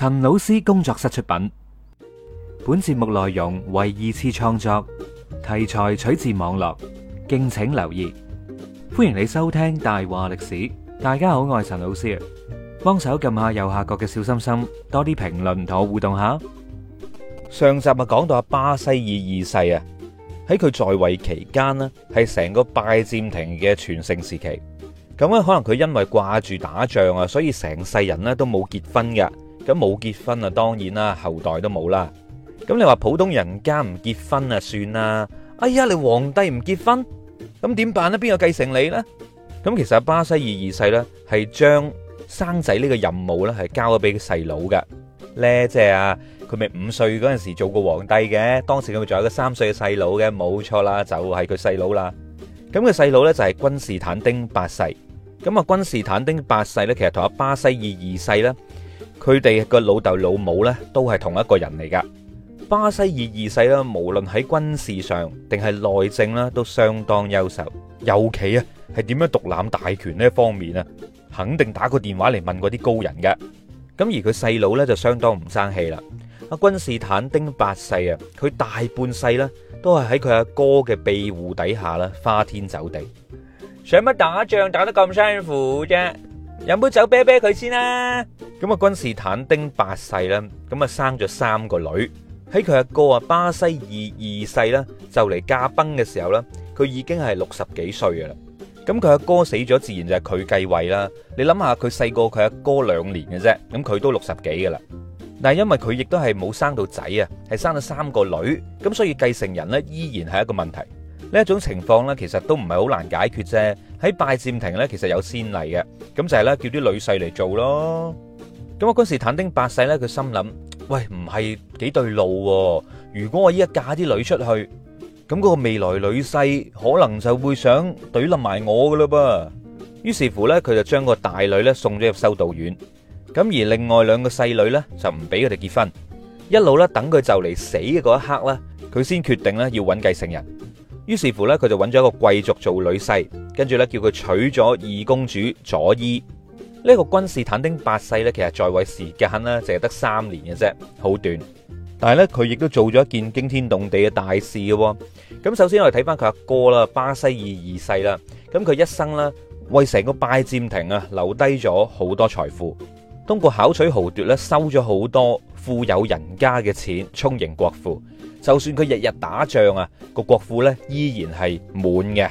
陳老師工作室出品，本節目內容為二次創作，題材取自網絡，敬請留意。歡迎你收聽《大話歷史》。大家好，我係陳老師，幫手撳下右下角嘅小心心，多啲評論同我互動下。上集啊，講到阿巴西爾二世啊，喺佢在位期間呢，係成個拜占庭嘅全盛時期。咁啊，可能佢因為掛住打仗啊，所以成世人呢都冇結婚㗎。咁冇結婚啊，當然啦，後代都冇啦。咁你話普通人家唔結婚啊，算啦。哎呀，你皇帝唔結婚，咁點辦咧？邊個繼承你咧？咁其實阿巴西爾二世咧，係將生仔呢個任務咧，係交咗俾佢細佬嘅。即係啊，佢咪五歲嗰陣時做過皇帝嘅，當時佢仲有個三歲嘅細佬嘅，冇錯啦，就係佢細佬啦。咁佢細佬咧就係君士坦丁八世。咁啊，君士坦丁八世咧，其實同阿巴西爾二世咧。佢哋個老豆老母呢，都係同一個人嚟噶。巴西爾二,二世啦，無論喺軍事上定係內政呢，都相當優秀。尤其啊，係點樣獨攬大權呢方面啊，肯定打個電話嚟問嗰啲高人噶。咁而佢細佬呢，就相當唔爭氣啦。阿君士坦丁八世啊，佢大半世呢，都係喺佢阿哥嘅庇護底下呢，花天酒地，想乜打仗打得咁辛苦啫？飲杯酒啤啤佢先啦。咁啊，君士坦丁八世咧，咁啊生咗三個女。喺佢阿哥啊，巴西爾二世咧，就嚟駕崩嘅時候咧，佢已經係六十幾歲嘅啦。咁佢阿哥死咗，自然就係佢繼位啦。你諗下，佢細過佢阿哥兩年嘅啫，咁佢都六十幾噶啦。但係因為佢亦都係冇生到仔啊，係生咗三個女，咁所以繼承人咧依然係一個問題。呢一種情況咧，其實都唔係好難解決啫。喺拜占庭咧，其實有先例嘅，咁就係咧叫啲女婿嚟做咯。咁我嗰時，君士坦丁八世咧，佢心諗：喂，唔係幾對路喎？如果我依家嫁啲女出去，咁嗰個未來女婿可能就會想懟冧埋我噶啦噃。於是乎咧，佢就將個大女咧送咗入修道院，咁而另外兩個細女咧就唔俾佢哋結婚，一路咧等佢就嚟死嘅嗰一刻咧，佢先決定咧要揾繼承人。於是乎咧，佢就揾咗一個貴族做女婿。跟住咧，叫佢娶咗二公主佐伊。呢個君士坦丁八世咧，其實在位時間咧淨係得三年嘅啫，好短。但係咧，佢亦都做咗一件驚天動地嘅大事嘅。咁首先我哋睇翻佢阿哥啦，巴西爾二世啦。咁佢一生咧為成個拜占庭啊留低咗好多財富，通過巧取豪奪咧收咗好多富有人家嘅錢，充盈國庫。就算佢日日打仗啊，個國庫咧依然係滿嘅。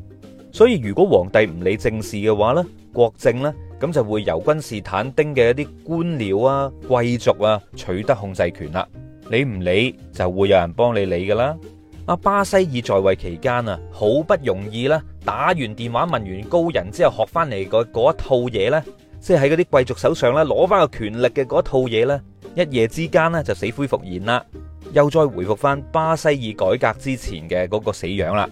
所以如果皇帝唔理政事嘅話呢，國政呢咁就會由君士坦丁嘅一啲官僚啊、貴族啊取得控制權啦。你唔理就會有人幫你理噶啦。巴西爾在位期間啊，好不容易啦，打完電話問完高人之後學翻嚟嗰一套嘢呢，即係喺嗰啲貴族手上攞翻個權力嘅嗰一套嘢呢，一夜之間呢就死灰復燃啦，又再回復翻巴西爾改革之前嘅嗰個死樣啦。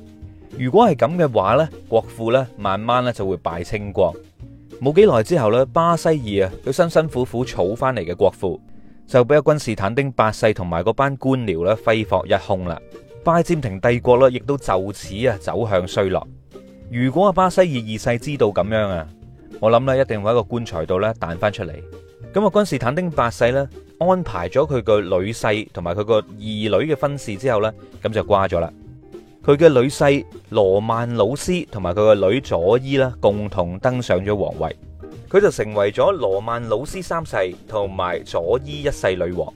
如果係咁嘅話呢，國庫呢慢慢咧就會敗清光，冇幾耐之後呢巴西爾啊，佢辛辛苦苦儲翻嚟嘅國庫就俾阿君士坦丁八世同埋嗰班官僚呢揮霍一空啦，拜占庭帝國呢亦都就此啊走向衰落。如果阿巴西爾二世知道咁樣啊，我諗呢一定會喺個棺材度呢彈翻出嚟。咁阿君士坦丁八世呢安排咗佢個女婿同埋佢個二女嘅婚事之後呢，咁就瓜咗啦。佢嘅女婿羅曼·魯斯同埋佢個女佐伊共同登上咗皇位，佢就成為咗羅曼·魯斯三世同埋佐伊一世女王。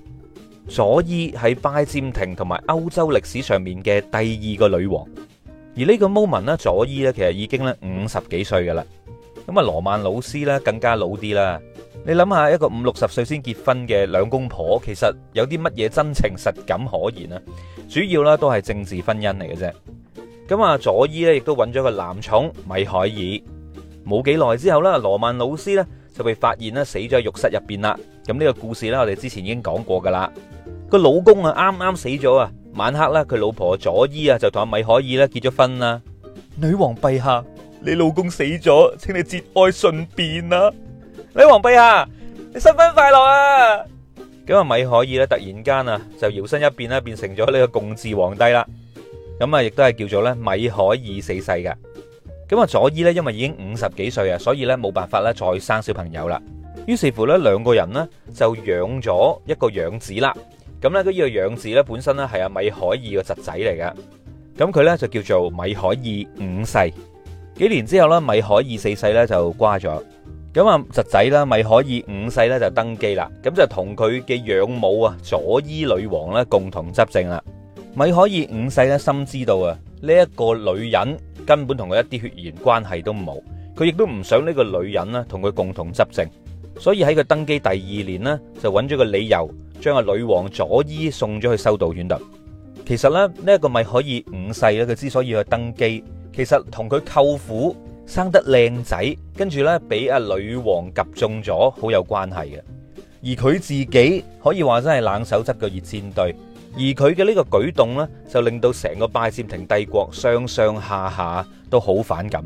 佐伊喺拜占庭同埋歐洲歷史上面嘅第二個女王。而呢個 moment 佐伊其實已經咧五十幾歲噶啦，咁啊羅曼·魯斯更加老啲啦。你諗下一個五六十歲先結婚嘅兩公婆，其實有啲乜嘢真情實感可言？主要啦都係政治婚姻嚟嘅啫，咁啊佐伊咧亦都揾咗個男寵米海爾，冇幾耐之後啦，羅曼老師咧就被發現咧死咗喺浴室入邊啦。咁呢個故事咧我哋之前已經講過噶啦，個老公啊啱啱死咗啊，晚黑啦佢老婆佐伊啊就同阿米海爾咧結咗婚啦。女王陛下，你老公死咗，請你節哀順變啊！女王陛下，你新婚快樂啊！咁啊，米海爾咧突然間啊就搖身一變咧變成咗呢個共治皇帝啦，咁啊亦都係叫做咧米海爾四世嘅。咁啊佐伊咧因為已經五十幾歲啊，所以咧冇辦法咧再生小朋友啦。於是乎咧兩個人呢，就養咗一個養子啦。咁咧呢個養子咧本身咧係阿米海爾個侄仔嚟嘅。咁佢咧就叫做米海爾五世。幾年之後咧米海爾四世咧就瓜咗。咁啊，侄仔啦，咪可以五世咧就登基啦，咁就同佢嘅養母啊，佐伊女王咧共同執政啦。咪可以五世咧深知道啊，呢一個女人根本同佢一啲血緣關係都冇，佢亦都唔想呢個女人呢同佢共同執政，所以喺佢登基第二年呢，就揾咗個理由將阿女王佐伊送咗去修道院度。其實咧呢一個咪可以五世咧佢之所以去登基，其實同佢舅父。生得靚仔，跟住呢，俾阿女王及中咗，好有關係嘅。而佢自己可以話真係冷手執個熱煎堆，而佢嘅呢個舉動呢，就令到成個拜占庭帝國上上下下都好反感。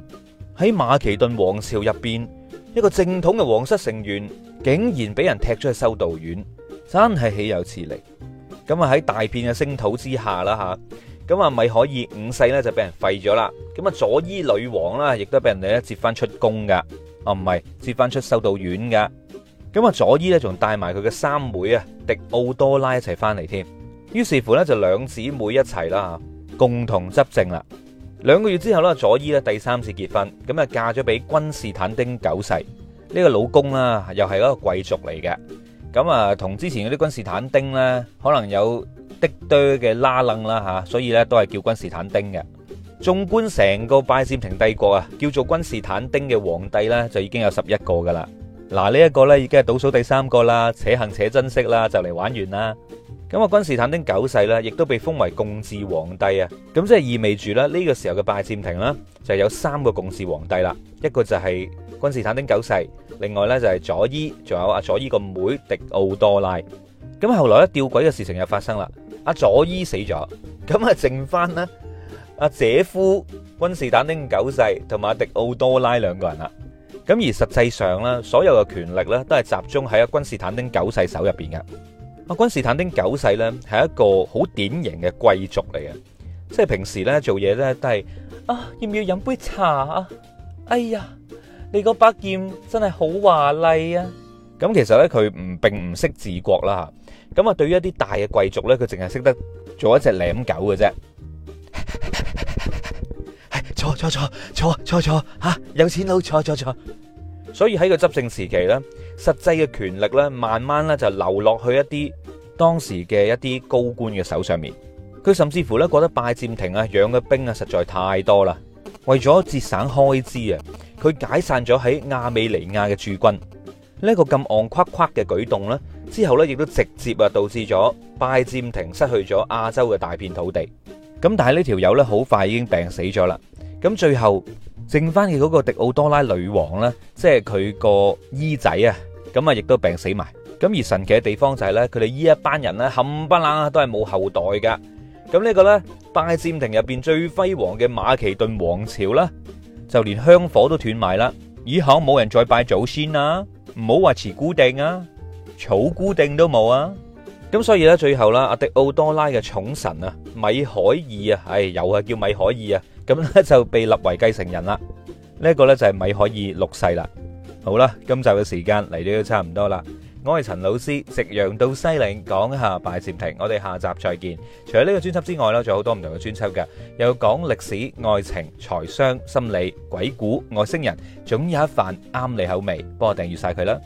喺馬其頓王朝入邊，一個正統嘅皇室成員，竟然俾人踢出去修道院，真係豈有此理！咁啊喺大片嘅聲討之下啦吓。咁啊，米海爾五世咧，就俾人廢咗啦！咁啊，佐伊女王啦，亦都俾人哋咧，接翻出宮噶。啊，唔係接翻出修道院噶。咁啊，佐伊咧，仲帶埋佢嘅三妹啊，狄奧多拉一齊翻嚟添。於是乎咧，就兩姊妹一齊啦，共同執政啦。兩個月之後咧，佐伊咧第三次結婚，咁啊嫁咗俾君士坦丁九世呢個老公啦，又係一個貴族嚟嘅。咁啊，同之前嗰啲君士坦丁咧，可能有。的多嘅拉楞啦嚇，所以咧都係叫君士坦丁嘅。縱觀成個拜占庭帝國啊，叫做君士坦丁嘅皇帝咧就已經有十一個噶啦。嗱呢一個咧已經係倒數第三個啦，且行且珍惜啦，就嚟玩完啦。咁啊，君士坦丁九世咧亦都被封為共治皇帝啊。咁即係意味住咧呢個時候嘅拜占庭啦，就係有三個共治皇帝啦，一個就係君士坦丁九世，另外咧就係佐伊，仲有阿佐伊個妹狄奧多拉。咁後來咧吊詭嘅事情又發生啦。阿佐伊死咗，咁啊，剩翻咧阿姐夫君士坦丁九世同埋迪奧多拉兩個人啦。咁而實際上咧，所有嘅權力咧都係集中喺阿君士坦丁九世手入邊嘅。阿君士坦丁九世咧係一個好典型嘅貴族嚟嘅，即係平時咧做嘢咧都係啊，要唔要飲杯茶啊？哎呀，你個把劍真係好華麗啊！咁其實咧佢唔並唔識治國啦吓。咁啊，對於一啲大嘅貴族咧，佢淨係識得做一隻舔狗嘅啫。坐坐坐，坐坐坐吓，有錢佬坐坐坐。所以喺個執政時期咧，實際嘅權力咧，慢慢咧就流落去一啲當時嘅一啲高官嘅手上面。佢甚至乎咧覺得拜占庭啊養嘅兵啊實在太多啦，為咗節省開支啊，佢解散咗喺亞美尼亞嘅駐軍。呢個咁昂夸夸嘅舉動咧。之後咧，亦都直接啊導致咗拜占庭失去咗亞洲嘅大片土地。咁但係呢條友咧好快已經病死咗啦。咁最後剩翻嘅嗰個迪奧多拉女王咧，即係佢個姨仔啊，咁啊亦都病死埋。咁而神奇嘅地方就係咧，佢哋呢一班人咧冚唪唥啊，都係冇後代噶。咁呢個咧拜占庭入邊最輝煌嘅馬其頓王朝啦，就連香火都斷埋啦。以後冇人再拜祖先啊，唔好話慈姑椗啊！草固定都冇啊！咁所以咧，最後啦，阿迪奧多拉嘅寵臣啊，米海爾啊，唉，又係叫米海爾啊，咁咧就被立為繼承人啦。呢一個咧就係米海爾六世啦。好啦，今集嘅時間嚟到都差唔多啦。我係陳老師，夕陽到西嶺講下拜占庭。我哋下集再見。除咗呢個專輯之外啦，仲有好多唔同嘅專輯嘅，又要講歷史、愛情、財商、心理、鬼故、外星人，總有一瓣啱你口味。幫我訂閱晒佢啦。